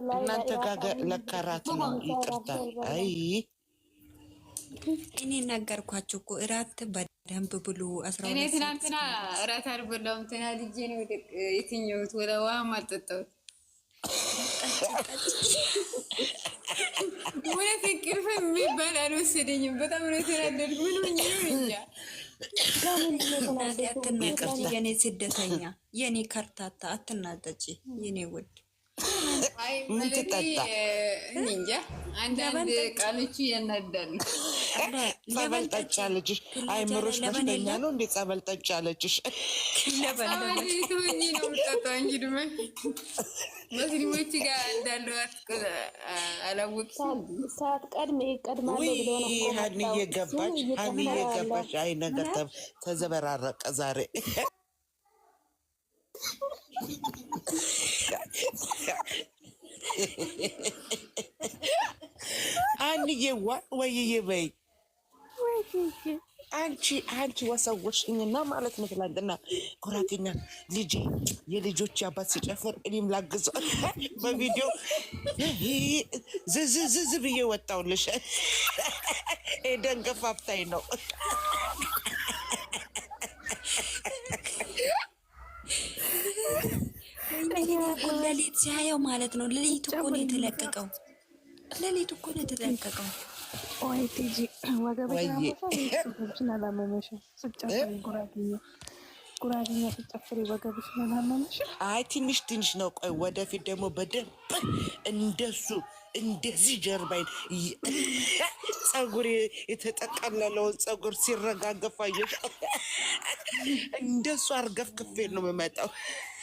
እናንተ ጋር ለካ ነው። ይቅርታ። አይ እኔ ነገርኳችሁ እኮ እራት በደንብ ብሉ። እኔ ትናንትና እራት አልበላሁም። ትና ልጄን ወደቅ የትኛውት ወደ ውሃም አልጠጣሁት። እውነት እንቅልፍ የሚባል አልወሰደኝም። በጣም ነው የተናደድኩት። ምን ሆኜ ነው እኛ አትናደጂ የኔ ስደተኛ፣ የኔ ከርታታ፣ አትናደጂ የኔ ውድ ምን ትጠጣ እንጃ። አንዳንድ ቃሎቹ ያናዳሉ። ጸበል ጠጭ አለችሽ። አይምሮሽ በሽተኛ ነው እንዴ? ጸበል ጠጭ አለችሽ። ሀኒዬ ገባች። ሀኒዬ ገባች። አይ ነገር ተዘበራረቀ ዛሬ አንዬ ዋ ወይዬ በይ አንቺ አንቺ ወሰወሽኝና ማለት ነው። ትላንትና ኩራተኛ ልጄ የልጆች አባት ሲጨፍር እኔም ላግዘው በቪዲዮ ዝዝዝዝ ብዬ ወጣውልሽ። ደንገፋፍታኝ ነው። እኮ ሌሊት ሲያየው ማለት ነው። ሌሊት እኮ ነው የተለቀቀው። ሌሊት እኮ ነው የተለቀቀው። ጉራኛ ስጨፍሪ ወገብሽ ለማመንሽ አይ ትንሽ ትንሽ ነው። ቆይ ወደፊት ደግሞ በደንብ እንደሱ እንደዚህ ጀርባይን ጸጉር የተጠቀለለውን ጸጉር ሲረጋገፋ እንደሱ አርገፍ ክፌ ነው የምመጣው።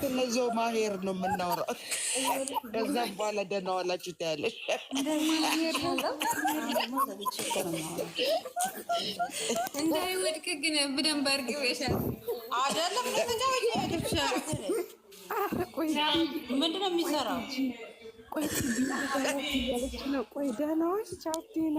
ስለዚያው ማሄር ነው የምናወራው። ከዛም በኋላ ደህና ዋላችሁ ትያለሽ። እንዳይወድቅ ምንድን ነው የሚሰራው? ቆይ ደህና ዋልሽ ቻው ቲና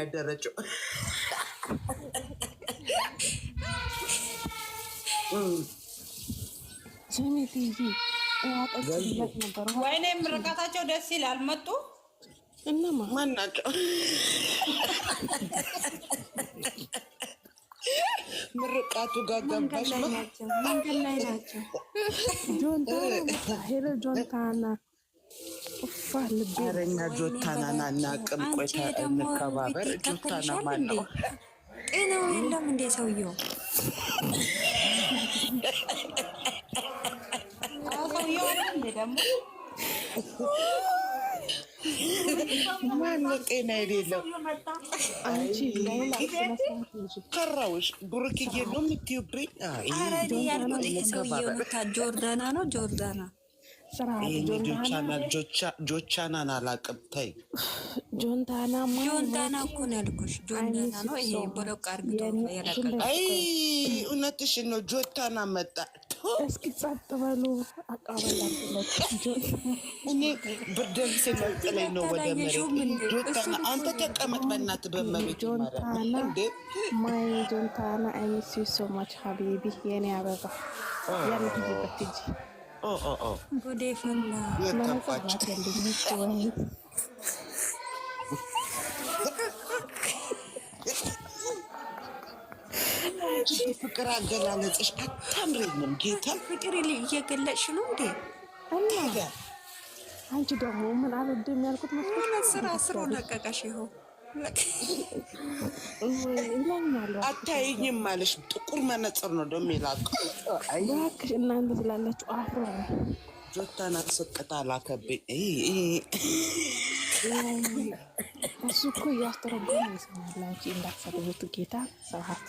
ያደረችው። ወይኔ ምርቃታቸው ደስ ይላል መጡ እና ማን ናቸው? ምርቃቱ ጋር ገባሽ? መንገድ ላይ ናቸው። ሄሎ ጆንታና አረኛ ጆታናን አናቅም። ቆይታ እንከባበር። ጆታና ማን ነው? ጤናው የለም እንዴ ሰውየው? ሰውየው ደግሞ ማነው ጤና የሌለው አንቺ ከራዎች ብሩክዬ ነው የምትዩብኝ? ጆርዳና ነው ጆርዳና ጆቻናን አላቅም። ተይ ጆንታና እኮ ነው ያልኩሽ። ጆርዳና ነው ይሄ። እውነትሽን ነው። ጆታና መጣ እስኪ ጸጥ በሉ። አቃበላለት ብርድ ልብስ የመጥለኝ ነው ወደ መሬት። አንተ ተቀመጥ በእናትህ በመሬት ማይ ጆንታና አይሚስ ዩ ሶ ማች ሀቢቢ የኔ አበባ ያለበት እጅ ጉዴፍና ለመጽናት ያለ አንቺ ፍቅር አገላለጽሽ አታምረኝም። ጌታ ፍቅር እየገለጽሽ ነው እንዴ? አንቺ ደግሞ ምን የሚያልኩት ያልኩት ስራ ስሮ ነቀቀሽ። ይኸው አታይኝም ማለሽ ጥቁር መነጽር ነው ደሞ ይላቁ እባክሽ። እናንተ ስላላችሁ አፍሮ ጆታና ተሰቀጣ ላከብኝ። እሱ እኮ እያስተረጎ ይሰማላችሁ። ጌታ ሰውሀት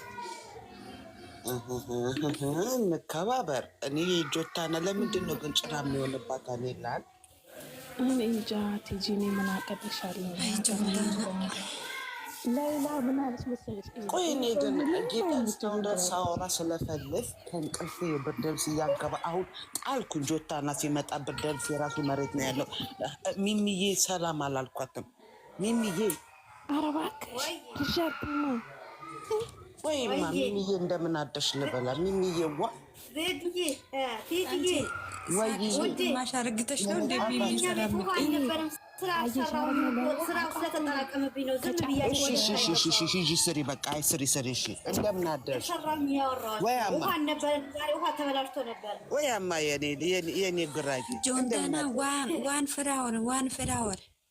መከባበር እኔ ጆታነ ለምንድን ነው ግን ጭራ የሚሆንባት አሌላል እንጃ። ቲጂ እኔ ምን አቀልሻለሁ? ላይላ ምን አለች መሰለሽ? ቆይ እኔ ግን ጌታን ሳወራ ስለፈልፍ ከእንቅልፌ ብርድ ልብስ እያገባ አሁን ጣልኩኝ። ጆታና ሲመጣ ብርድ ልብስ የራሱ መሬት ነው ያለው። ሚሚዬ ሰላም አላልኳትም። ሚሚዬ አረባክ ሻርማ ወይማ ሚሚዬ እንደምን ሽ ልበላ። ሚሚዬዋ ማሽ ዋን ፍላወር ዋን ፍራወር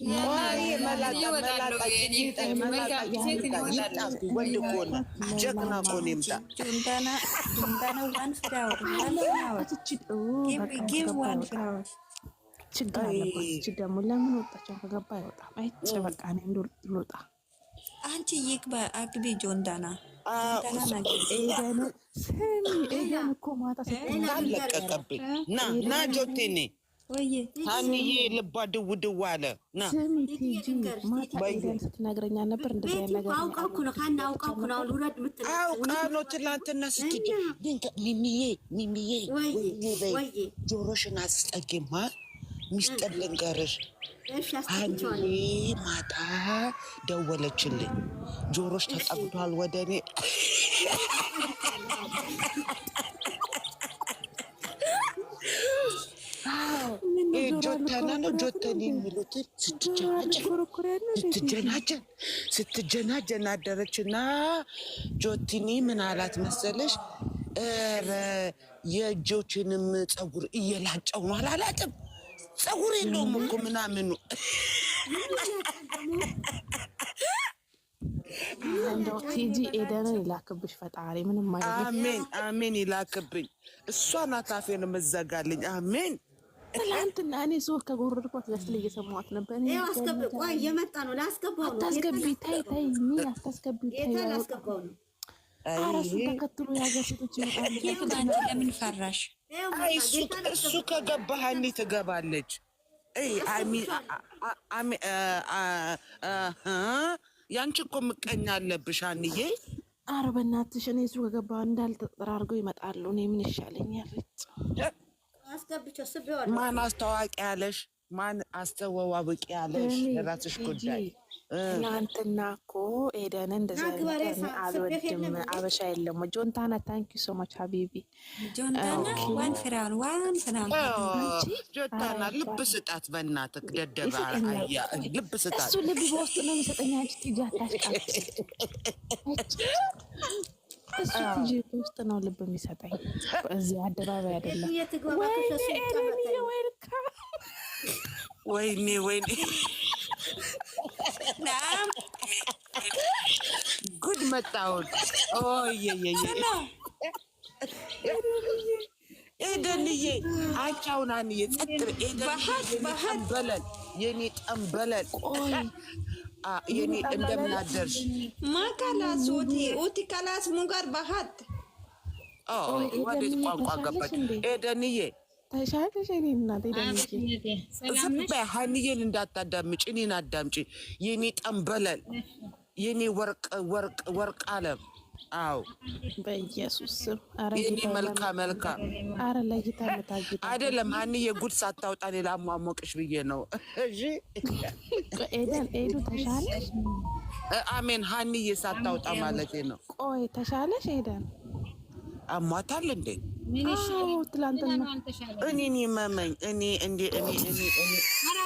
ወንድ እኮ ነው፣ ጀግና እኮ ነው። ይምጣ ችግር አለባት። ደግሞ ለምን ወጣች? ከገባ አይወጣም። አይቼ በቃ እኔ ልወጣ። አንቺ ይግባ አግቢ ጆንዳና ስሚ፣ እኮ ማታ አለቀቀብኝ። ና ጆቴኔ ሀኒዬ ልባ ድው ድው አለ ስትነግረኛ ነበር። አውቃለሁ ትናንትና ስትይ ሚሚዬ ሚሚዬ በይ ጆሮሽን አስጠጊማ ሚስጥር ልንገርሽ። አንድ ማታ ደወለችልኝ። ጆሮሽ ተጠግቷል ወደ እኔ ጆተና ነው ጆተን የሚሉትን ስትጀናጀን ስትጀናጀን አደረችና ጆቲኒ ምን አላት መሰለሽ? ኧረ የእጆችንም ፀጉር እየላጨው ነው አላላጥም። ፀጉር የለውም እኮ ምናምኑ እንደው ቲጂ ኤደንን ይላክብሽ ፈጣሪ። ምንም አሜን አሜን ይላክብኝ። እሷ ናት አፌን የምዘጋልኝ። አሜን ትላንትና እኔ ዞር ከጎረድኳት ያስል እየሰማት ነበር። እየመጣ ነው። ላስገባው ነው። አታስገቢ፣ ታይ ታይ፣ ሚ አታስገቢ፣ ታይ ነው። እሱን ተከትሎ የሀገር ሴቶች ይመጣሉ። ለምን ፈራሽ? እሱ ከገባ ሀይሚ ትገባለች። ያንቺ እኮ ምቀኛ አለብሽ አንዬ። ኧረ በእናትሽ እኔ እሱ ከገባ እንዳልተጠራርገው ይመጣሉ። እኔ ምን ይሻለኛል? ማን አስተዋቂ ያለሽ? ማን አስተዋዋብቅ ያለሽ? የራስሽ ጉዳይ። ትናንትና እኮ ኤደን እንደዛ አልወድም አበሻ የለም። ጆንታና ታንኪ ዩ ሶ ማች ሀቢቢ ጆንታና ልብ ስጣት፣ በእናትህ ደደባ ልብ ስጣት። እሱ ልብ በውስጥ ነው የሚሰጠኝ። አንቺ ትጃታሽ እሱ ትጅ ውስጥ ነው ልብ የሚሰጠኝ እዚህ አደባባይ አይደለም። ወይኔ ወይኔ ጉድ መጣሁን። ኤደንዬ አጫውናንዬ ጸጥ ኤደን ጠንበለል የኔ ጠንበለል የኔ እንደምን ማካላስ ቲ ቲ ካላስ ሙጋር ባሃት ወዴት ቋንቋ ገባች? ኤደንዬ ዝም በይ። ሀኒዬን እንዳታዳምጪ እኔን አዳምጪ። የኔ ጠንበለል የኔ ወርቅ ወርቅ ወርቅ አለም አዎ በኢየሱስ ስም የኔ መልካ መልካ አረ ለይታ ለታጅ አይደለም። ሀኒዬ የጉድ ሳታውጣ ሌላ ሟሞቅሽ ብዬ ነው። እሺ ኤደን ኤዱ ተሻለሽ? አሜን። ሀኒዬ ሳታውጣ ማለት ነው። ቆይ ተሻለሽ ኤደን? አሟታል እንዴ? ትላንትና እኔን ይመመኝ እኔ እንዴ እኔ እኔ እኔ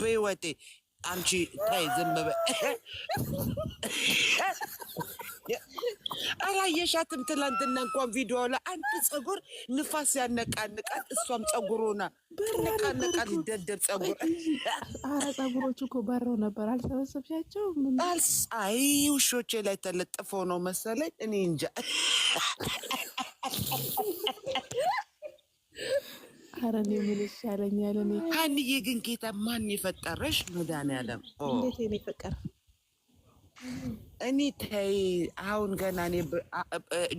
በህይወቴ አንቺ ታይ ዝም በ አላየሻትም? ትላንትና እንኳን ቪዲዮ ላይ አንድ ጸጉር ንፋስ ያነቃንቃል፣ እሷም ፀጉሮና ነቃነቃል። ይደደብ ጸጉር። አረ ፀጉሮቹ እኮ በረው ነበር። አልሰበሰብሻቸው? አይ ውሾቼ ላይ ተለጥፎ ነው መሰለኝ። እኔ እንጃ ኧረ እኔ ምን ይሻለኛል? እኔ ግን ጌታ ማን የፈጠረሽ? መድኃኒዓለም እንዴት ነው የፈጠረ? እኔ ተይ አሁን ገና እኔ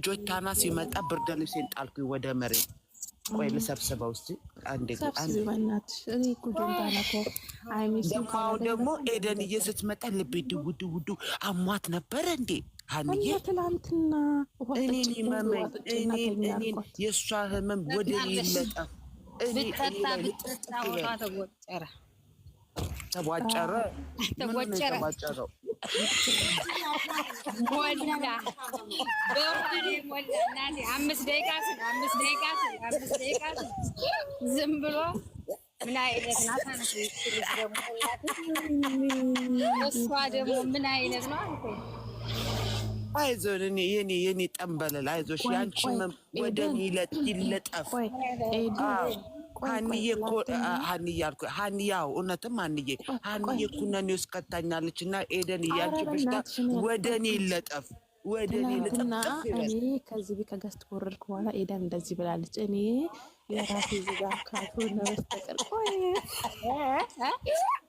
ጆታና ሲመጣ ብርድ ልብሴን ጣልኩኝ ወደ መሬት። ቆይ ልሰብስበው እስኪ አንዴ። አሁን ደግሞ ኤደንዬ ስትመጣ ልቤ ድው ድው ድው አሟት ነበረ እንዴ ሀኒዬ ትላንትና። እኔን ህመም የእሷ ህመም ወደ ይለጠፍ ብትረታ ብትረታ ወቷ ተቦጨረ ተቧጨረ ተቧጨረ አምስት ደቂቃ ስል አምስት ደቂቃ አምስት ደቂቃ ዝም ብሎ ምን አይነት ናት እሷ ደግሞ ምን አይነት ነው አልኩኝ አይዞ የኔ የኔ ጠንበለል አይዞሽ፣ ያንቺ ወደ እኔ ይለጠፍ። ሀንዬ እኮ ሀንዬ ሀንዬ፣ አዎ እውነትም ሀንዬ ሀንዬ ኩነኔ ውስጥ ከታኛለች እና ኤደን እያንቺ በሽታ ወደ እኔ ይለጠፍ እኔ ኤደን እንደዚህ ብላለች። እኔ የራሴ ካቶ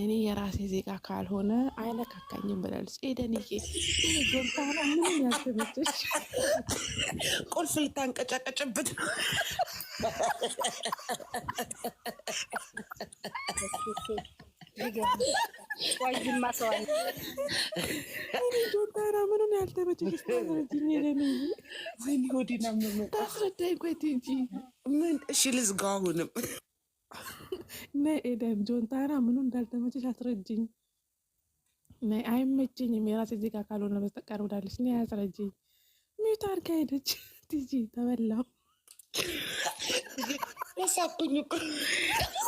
እኔ የራሴ ዜጋ ካልሆነ አይለካካኝም ብላለች። ኤደንዬ ጆንታና ምንም ያልተመቸሽ ቁልፍ ልታንቀጫቀጭበት ጆንታና ምንም ያልተመቸሽ ታስረዳኝ። ቆይ እንጂ ምን እሺ ልዝጋ አሁንም ነይ ኤደን ጆንታና ምኑ እንዳልተመቸሽ አስረጅኝ። ነይ አይመችኝም የራሴ ዜጋ ካልሆነ በስተቀር ብላለች። ነይ አስረጅኝ። ሚዩት አድርጋ ሄደች። ቲጂ ተበላው ሳኩኝ እኮ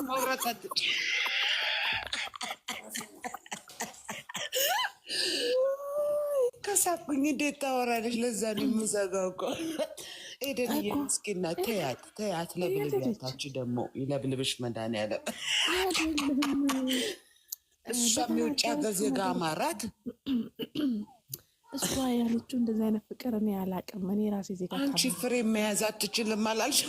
ማውራታት ከሳኩኝ እንዴት ታወራለች? ለዛ ነው የምዘጋው እኮ ኤደን የምስኪና ተያት ተያት ለብልብያታች ደግሞ ለብልብሽ መድኃኒዓለም እሷ የውጭ ሀገር ዜጋ አማራት። እሷ ያለችው እንደዚህ አይነት ፍቅር እኔ አላቅም። እኔ ራሴ ዜጋ አንቺ ፍሬ መያዝ አትችልም አላልሽ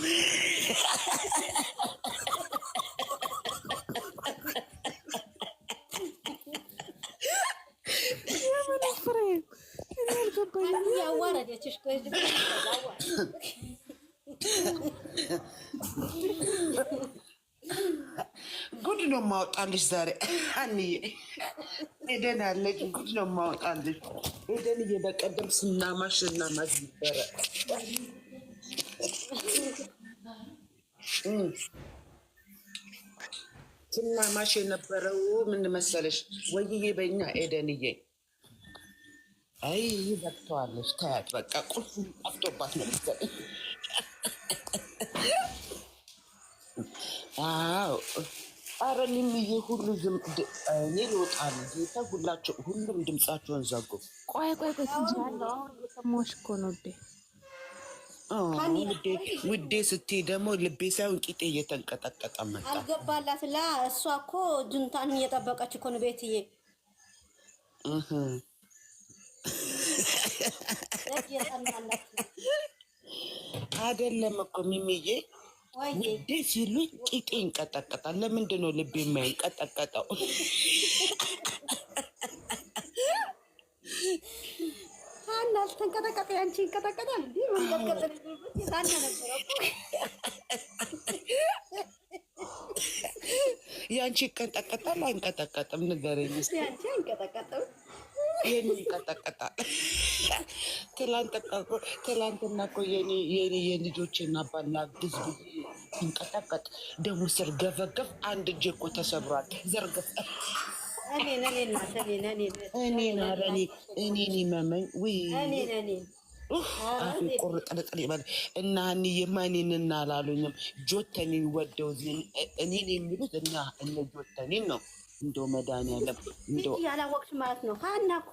ወዳጆችሽ ቆይ ጉድ ነው ማወጣልሽ። ዛሬ አንዬ ኤደን አለች። ጉድ ነው ማወጣልሽ ኤደን። በቀደም ስናማሽ እናማሽ ነበረ ስናማሽ የነበረው ምን መሰለሽ? ወይዬ በኛ ኤደንዬ አይ ይዘግተዋለች። ታያት በቃ ቁልፍ አፍቶባት ነው መሰለኝ። አዎ ኧረ ይሄ ሁሉ እኔ ልወጣሉ ጌታ ሁላቸው ሁሉም ድምፃቸውን ዘጉ። ቆይ ቆይ ቆይ ሰሞሽ እኮ ነው ውዴ ውዴ ስትይ ደግሞ ልቤ ሳይሆን ቂጤ እየተንቀጠቀጠ መጣ። አልገባላት ላ እሷ እኮ ጁንታን እየጠበቀች እኮ ነው ቤትዬ አይደለም እኮ ሚሚዬ ውዴ ሲሉኝ ቂጤ ይንቀጠቀጣል። ለምንድን ነው ልብ የማይንቀጠቀጠው? አልተንቀጠቀጠ ያንቺ ይንቀጠቀጣል። ያንቺ ይንቀጠቀጣል። አንቀጠቀጥም ንገረኝ። ይህን ይቀጠቀጣል። ትላንትና እኮ የኔ የልጆቼን አባት ላግዝ ብዬ ስንቀጠቀጥ ደግሞ ስርገፈገፍ አንድ እጄ እኮ ተሰብሯል። ዘርግፍ እኔን ኧረ እኔን ይመመኝ ውይ ቁርጥርጥር ይበል እና እኔማ እኔንና አላሉኝም። ጆተኔን ወደው እኔን የሚሉት እና እነ ጆተኔን ነው እንደው መድኃኒዓለም እንደው ያላወቅሽ ማለት ነው። ሀና እኮ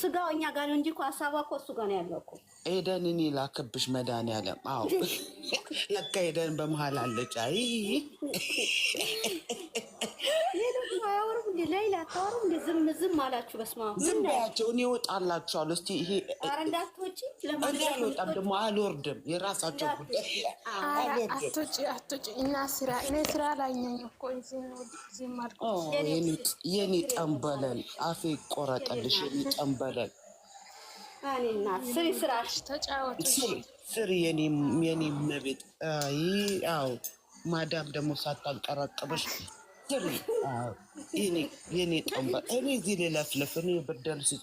ስጋው እኛ ጋር ነው እንጂ እኮ ሀሳቧ እኮ እሱ ጋር ነው ያለው እኮ ኤደን እኔ ላከብሽ መድኃኒዓለም። አዎ ለካ ኤደን በመሀል አለች። አይ አታወራም? እንደ ዝም ዝም አላችሁ። በስመ ዝም በያቸው። እኔ እወጣላችኋለሁ። እስኪ ይሄ ኧረ እንዳትወጪ። ለምን አልወጣም ደግሞ አልወርድም። የራሳቸው ጉዳይ አትወጪ፣ አትወጪ እና ስራ እኔ ስራ ላይ ነኝ እኮ ዝም አልኩሽ። የኔ ጠንበለል አፌ ይቆረጠልሽ። የኔ ጠንበለል እኔና ስሪ ስራሽ ተጫወቱ፣ ስሪ የኔ መቤት። አይ አዎ ማዳም ደግሞ ሳታንቀራቅበሽ የኔ እኔ እዚህ ልለፍልፍ፣ እኔ ብርደል ስ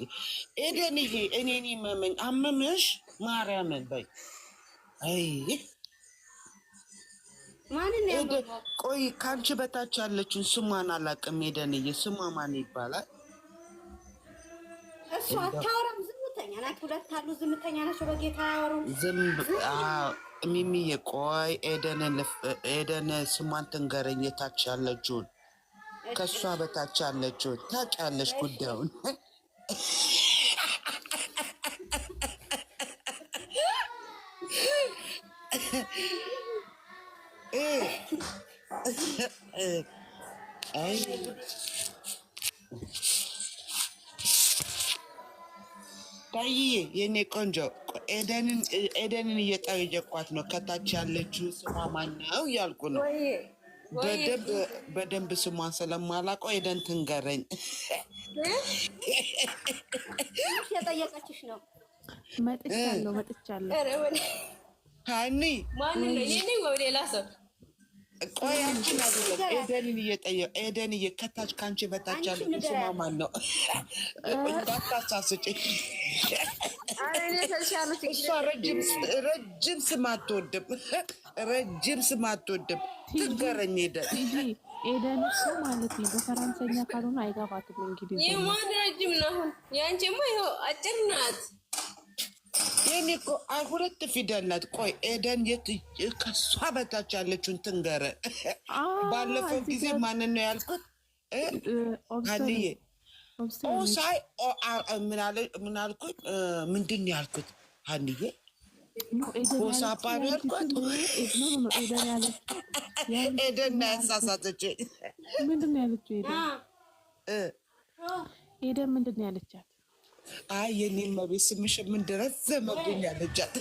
ኤደን ይሄ እኔን መመኝ አመመሽ ማርያምን በይ። አይ ቆይ ከአንቺ በታች ያለችን ስሟን አላውቅም። ኤደንዬ ስሟ ማን ይባላል? አታወራም፣ ዝምተኛ ናት። ሁለት አሉ፣ ዝምተኛ ናቸው። በጌታ አያወሩም። ሚሚዬ ቆይ ኤደን ስሟን ትንገረኝ የታች ያለችውን ከእሷ በታች ያለችው ታውቂያለሽ ጉዳዩን ታዬ የኔ ቆንጆ ኤደንን እየጠየኳት ነው። ከታች ያለችው ስሟ ማነው እያልኩ ነው። በደንብ ስሟን ስለማላውቀው ሄደን ትንገረኝ። የጠየቀችሽ ነው። መጥቻለሁ መጥቻለሁ። ሀኒ ማን ነው? ወይ ሌላ ሰው ቆይ አንቺ ኤደንን እየጠየው ኤደን እየከታች ከአንቺ በታች ያለ ስማ ማን ነው? እንዳታሳስጭ። እሷ ረጅም ስም አትወድም፣ ረጅም ስም አትወድም። ትገረኝ ኤደን ኤደን እሱ ማለት ነው። በፈረንሰኛ ካልሆነ አይገባትም። እንግዲህ ይህ ረጅም ነው? አሁን የአንቺማ ይኸው አጭር ናት። የኔ እኮ ሁለት ፊደል ናት። ቆይ ኤደን የት ከሷ በታች ያለችውን ትንገረ። ባለፈው ጊዜ ማንን ነው ያልኩት? አንዬ ሳይ ምን ምንድን ያልኩት? አንዬ ሳባ ነው ያልኩት። ያሳሳተች ምንድን ነው ያለችው? ኤደን ምንድን ያለቻት? አይ የኔም መቤት ስምሽ የምንድረስ ዘመብኝ ያለቻት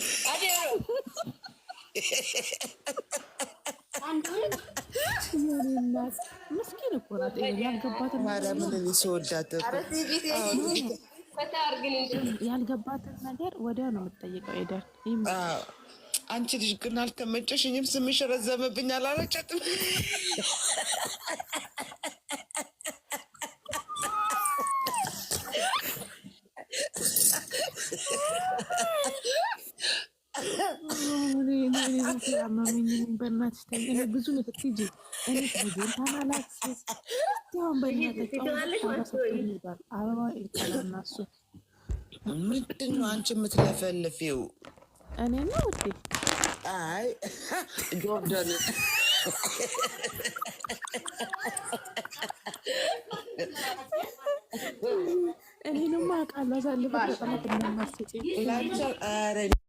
ያልገባትን ነገር ወዲያው ነው የምትጠይቀው። ሄደን አንቺ ልጅ ግን አልተመጨሽኝም ስምሽ ረዘምብኝ አላለቻትም። ራሱ አበባ ይባላልና እሱ ምንድን ነው አንቺ የምትለፈልፊው? እኔ ነው ውዴ። አይ ጆርዳን እኔንም አውቃለሁ። አሳልፈ ጠጠነት እናማስጭ